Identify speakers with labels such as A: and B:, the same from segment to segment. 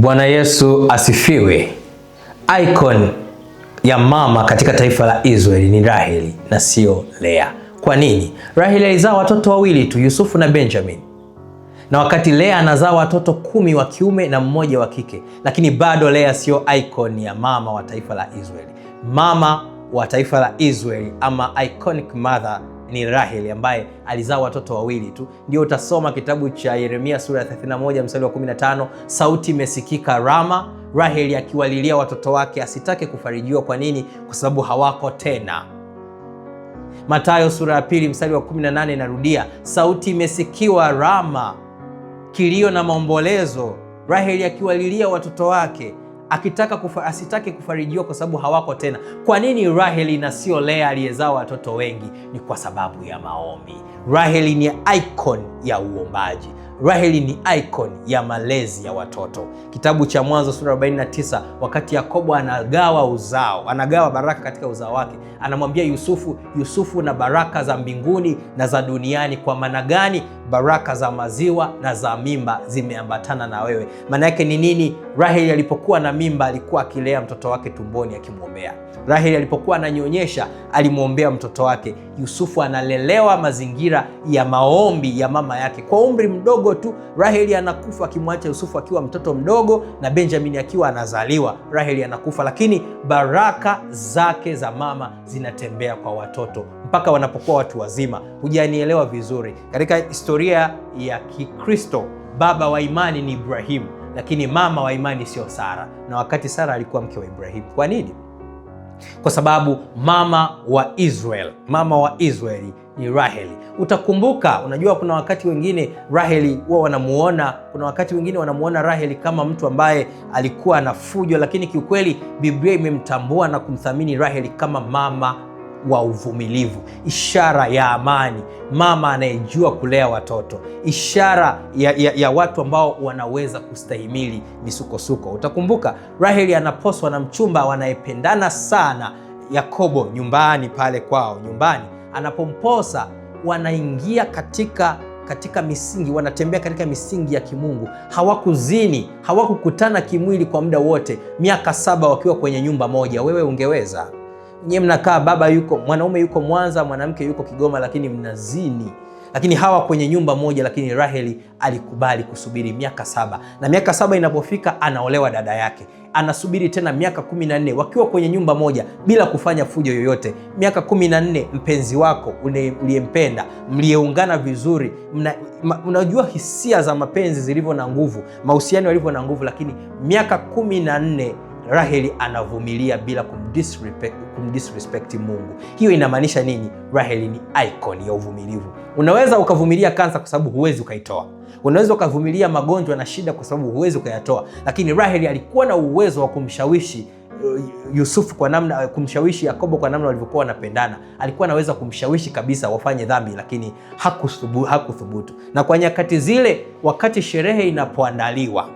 A: Bwana Yesu asifiwe. Icon ya mama katika taifa la Israeli ni Raheli na sio Lea. Kwa nini? Raheli alizaa watoto wawili tu, Yusufu na Benjamin, na wakati Lea anazaa watoto kumi wa kiume na mmoja wa kike, lakini bado Lea sio icon ya mama wa taifa la Israeli. Mama wa taifa la Israeli ama iconic mother ni Raheli ambaye alizaa watoto wawili tu. Ndio utasoma kitabu cha Yeremia sura ya 31 mstari wa 15, sauti imesikika Rama, Raheli akiwalilia watoto wake asitake kufarijiwa. Kwa nini? Kwa sababu hawako tena. Mathayo sura ya pili mstari wa 18 inarudia, sauti imesikiwa Rama, kilio na maombolezo, Raheli akiwalilia watoto wake akitaka kufa, asitake kufarijiwa kwa sababu hawako tena. Kwa nini Raheli na sio Lea aliyezaa watoto wengi? Ni kwa sababu ya maombi. Raheli ni icon ya uombaji. Raheli ni icon ya malezi ya watoto. Kitabu cha Mwanzo sura 49, wakati Yakobo anagawa uzao, anagawa baraka katika uzao wake, anamwambia Yusufu, Yusufu na baraka za mbinguni na za duniani. Kwa maana gani? Baraka za maziwa na za mimba zimeambatana na wewe. Maana yake ni nini? Raheli alipokuwa na mimba alikuwa akilea mtoto wake tumboni akimwombea. Raheli alipokuwa ananyonyesha alimwombea mtoto wake. Yusufu analelewa mazingira ya maombi ya mama yake kwa umri mdogo mdogo tu. Raheli anakufa akimwacha Yusufu akiwa mtoto mdogo na Benjamini akiwa anazaliwa. Raheli anakufa, lakini baraka zake za mama zinatembea kwa watoto mpaka wanapokuwa watu wazima. Hujanielewa vizuri. Katika historia ya Kikristo, baba wa imani ni Ibrahimu, lakini mama wa imani sio Sara, na wakati Sara alikuwa mke wa Ibrahimu. Kwa nini? Kwa sababu mama wa Israel, mama wa Israeli ni Raheli. Utakumbuka, unajua kuna wakati wengine Raheli huwa wanamuona, kuna wakati wengine wanamuona Raheli kama mtu ambaye alikuwa na fujo, lakini kiukweli Biblia imemtambua na kumthamini Raheli kama mama wa uvumilivu, ishara ya amani, mama anayejua kulea watoto, ishara ya, ya, ya watu ambao wanaweza kustahimili misukosuko. Utakumbuka Raheli anaposwa na mchumba wanayependana sana Yakobo nyumbani pale kwao nyumbani anapomposa wanaingia katika katika misingi, wanatembea katika misingi ya kimungu. Hawakuzini, hawakukutana kimwili kwa muda wote, miaka saba wakiwa kwenye nyumba moja. Wewe ungeweza? Nyie mnakaa, baba yuko, mwanaume yuko Mwanza, mwanamke yuko Kigoma, lakini mnazini lakini hawa kwenye nyumba moja, lakini Raheli alikubali kusubiri miaka saba, na miaka saba inapofika anaolewa dada yake anasubiri tena miaka kumi na nne wakiwa kwenye nyumba moja bila kufanya fujo yoyote. Miaka kumi na nne mpenzi wako uliyempenda, mliyeungana vizuri, mna, ma, unajua hisia za mapenzi zilivyo na nguvu, mahusiano yalivyo na nguvu, lakini miaka kumi na nne Raheli anavumilia bila kumdisrespect, Mungu. Hiyo inamaanisha nini? Raheli ni icon ya uvumilivu. Unaweza ukavumilia kansa kwa sababu huwezi ukaitoa. Unaweza ukavumilia magonjwa na shida kwa sababu huwezi ukayatoa, lakini Raheli alikuwa na uwezo wa kumshawishi uh, Yusufu kwa namna uh, kumshawishi Yakobo kwa namna walivyokuwa wanapendana, alikuwa anaweza kumshawishi kabisa wafanye dhambi, lakini hakuthubutu. Na kwa nyakati zile, wakati sherehe inapoandaliwa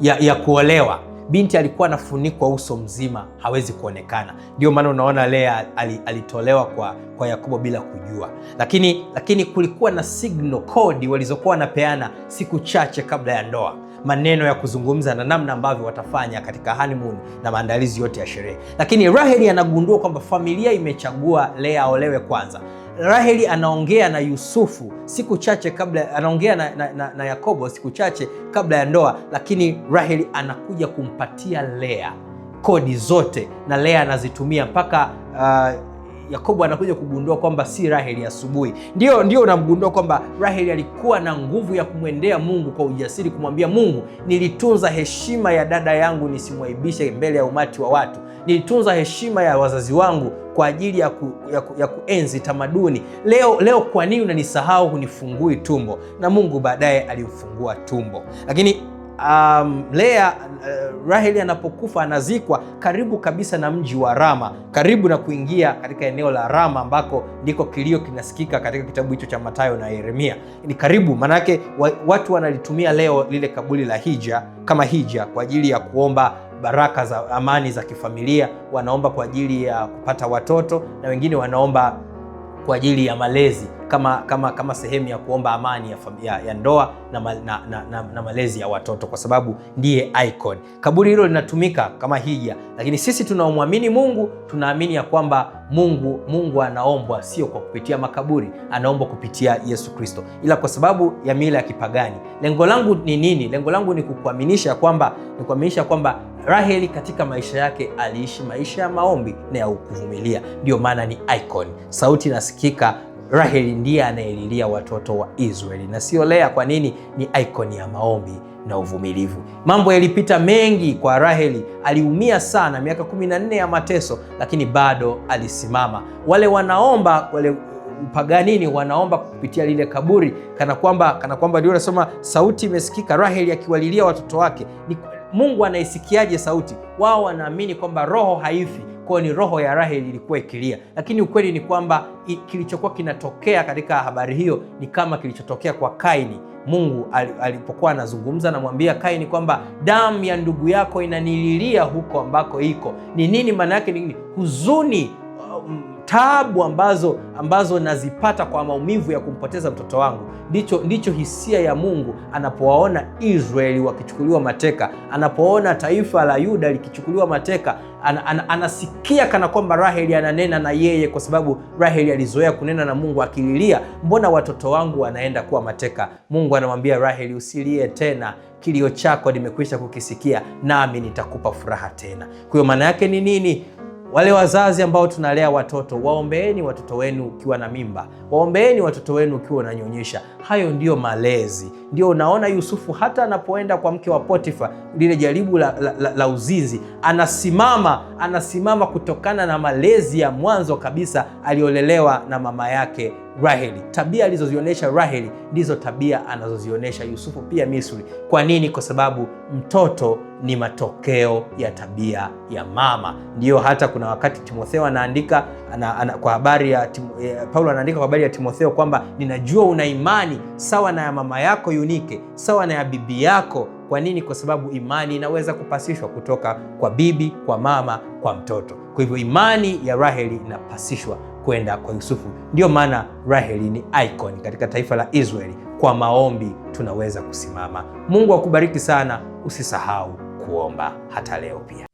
A: ya, ya kuolewa, binti alikuwa anafunikwa uso mzima, hawezi kuonekana. Ndio maana unaona Lea alitolewa kwa, kwa Yakobo bila kujua, lakini lakini kulikuwa na signal kodi walizokuwa wanapeana siku chache kabla ya ndoa, maneno ya kuzungumza na namna ambavyo watafanya katika honeymoon na maandalizi yote ya sherehe. Lakini Raheli anagundua kwamba familia imechagua Lea aolewe kwanza. Raheli anaongea na Yusufu siku chache kabla, anaongea na, na, na, na Yakobo siku chache kabla ya ndoa, lakini Raheli anakuja kumpatia Lea kodi zote na Lea anazitumia mpaka uh, Yakobo anakuja kugundua kwamba si Raheli asubuhi, ndio ndio unamgundua kwamba Raheli alikuwa na nguvu ya kumwendea Mungu kwa ujasiri, kumwambia Mungu, nilitunza heshima ya dada yangu nisimwaibishe mbele ya umati wa watu, nilitunza heshima ya wazazi wangu kwa ajili ya, ku, ya, ku, ya kuenzi tamaduni. Leo leo kwa nini unanisahau, hunifungui tumbo? Na Mungu baadaye aliufungua tumbo, lakini um, Lea uh, Raheli anapokufa anazikwa karibu kabisa na mji wa Rama, karibu na kuingia katika eneo la Rama ambako ndiko kilio kinasikika katika kitabu hicho cha Mathayo na Yeremia. Ni karibu, maanake watu wanalitumia leo lile kaburi la hija kama hija kwa ajili ya kuomba baraka za amani za kifamilia, wanaomba kwa ajili ya kupata watoto na wengine wanaomba kwa ajili ya malezi kama, kama, kama sehemu ya kuomba amani ya, ya, ya ndoa na, na, na, na, na malezi ya watoto kwa sababu ndiye icon. Kaburi hilo linatumika kama hija, lakini sisi tunaomwamini Mungu tunaamini ya kwamba Mungu, Mungu anaombwa sio kwa kupitia makaburi, anaombwa kupitia Yesu Kristo, ila kwa sababu ya mila ya kipagani. Lengo langu ni nini? Lengo langu ni kukuaminisha kwamba ni kuaminisha kwamba Raheli katika maisha yake aliishi maisha ya maombi na ya kuvumilia, ndiyo maana ni icon. Sauti inasikika Raheli ndiye anayelilia watoto wa Israeli na sio Lea. Kwa nini? Ni icon ya maombi na uvumilivu. Mambo yalipita mengi kwa Raheli, aliumia sana, miaka 14 ya mateso, lakini bado alisimama. Wale wanaomba wale paganini wanaomba kupitia lile kaburi, kana kwamba kana kwamba ndio sauti imesikika, Raheli akiwalilia watoto wake ni Mungu anaisikiaje sauti? Wao wanaamini kwamba roho haifi, kwa ni roho ya Raheli ilikuwa ikilia, lakini ukweli ni kwamba kilichokuwa kinatokea katika habari hiyo ni kama kilichotokea kwa Kaini. Mungu alipokuwa anazungumza, namwambia Kaini kwamba damu ya ndugu yako inanililia huko ambako iko. Ni nini maana yake? Ni huzuni Mm, taabu ambazo ambazo nazipata kwa maumivu ya kumpoteza mtoto wangu, ndicho ndicho hisia ya Mungu anapowaona Israeli wakichukuliwa mateka, anapoona taifa la Yuda likichukuliwa mateka. An, an, anasikia kana kwamba Raheli ananena na yeye, kwa sababu Raheli alizoea kunena na Mungu akililia, mbona watoto wangu wanaenda kuwa mateka? Mungu anamwambia Raheli, usilie tena, kilio chako nimekwisha kukisikia, nami nitakupa furaha tena. Kwa hiyo maana yake ni nini? Wale wazazi ambao tunalea watoto, waombeeni watoto wenu ukiwa na mimba, waombeeni watoto wenu ukiwa unanyonyesha. Hayo ndiyo malezi. Ndio unaona Yusufu hata anapoenda kwa mke wa Potifa, lile jaribu la, la, la, la uzinzi, anasimama anasimama kutokana na malezi ya mwanzo kabisa aliyolelewa na mama yake Raheli. Tabia alizozionyesha Raheli ndizo tabia anazozionyesha Yusufu pia Misri. Kwa nini? Kwa sababu mtoto ni matokeo ya tabia ya mama. Ndiyo hata kuna wakati Timotheo anaandika ana, ana, kwa habari ya eh, Paulo anaandika kwa habari ya Timotheo kwamba ninajua una imani sawa na ya mama yako Yunike, sawa na ya bibi yako kwa nini? Kwa sababu imani inaweza kupasishwa kutoka kwa bibi, kwa mama, kwa mtoto. Kwa hivyo imani ya Raheli inapasishwa kwenda kwa Yusufu. Ndiyo maana Raheli ni icon katika taifa la Israeli. Kwa maombi tunaweza kusimama. Mungu akubariki sana, usisahau kuomba hata leo pia.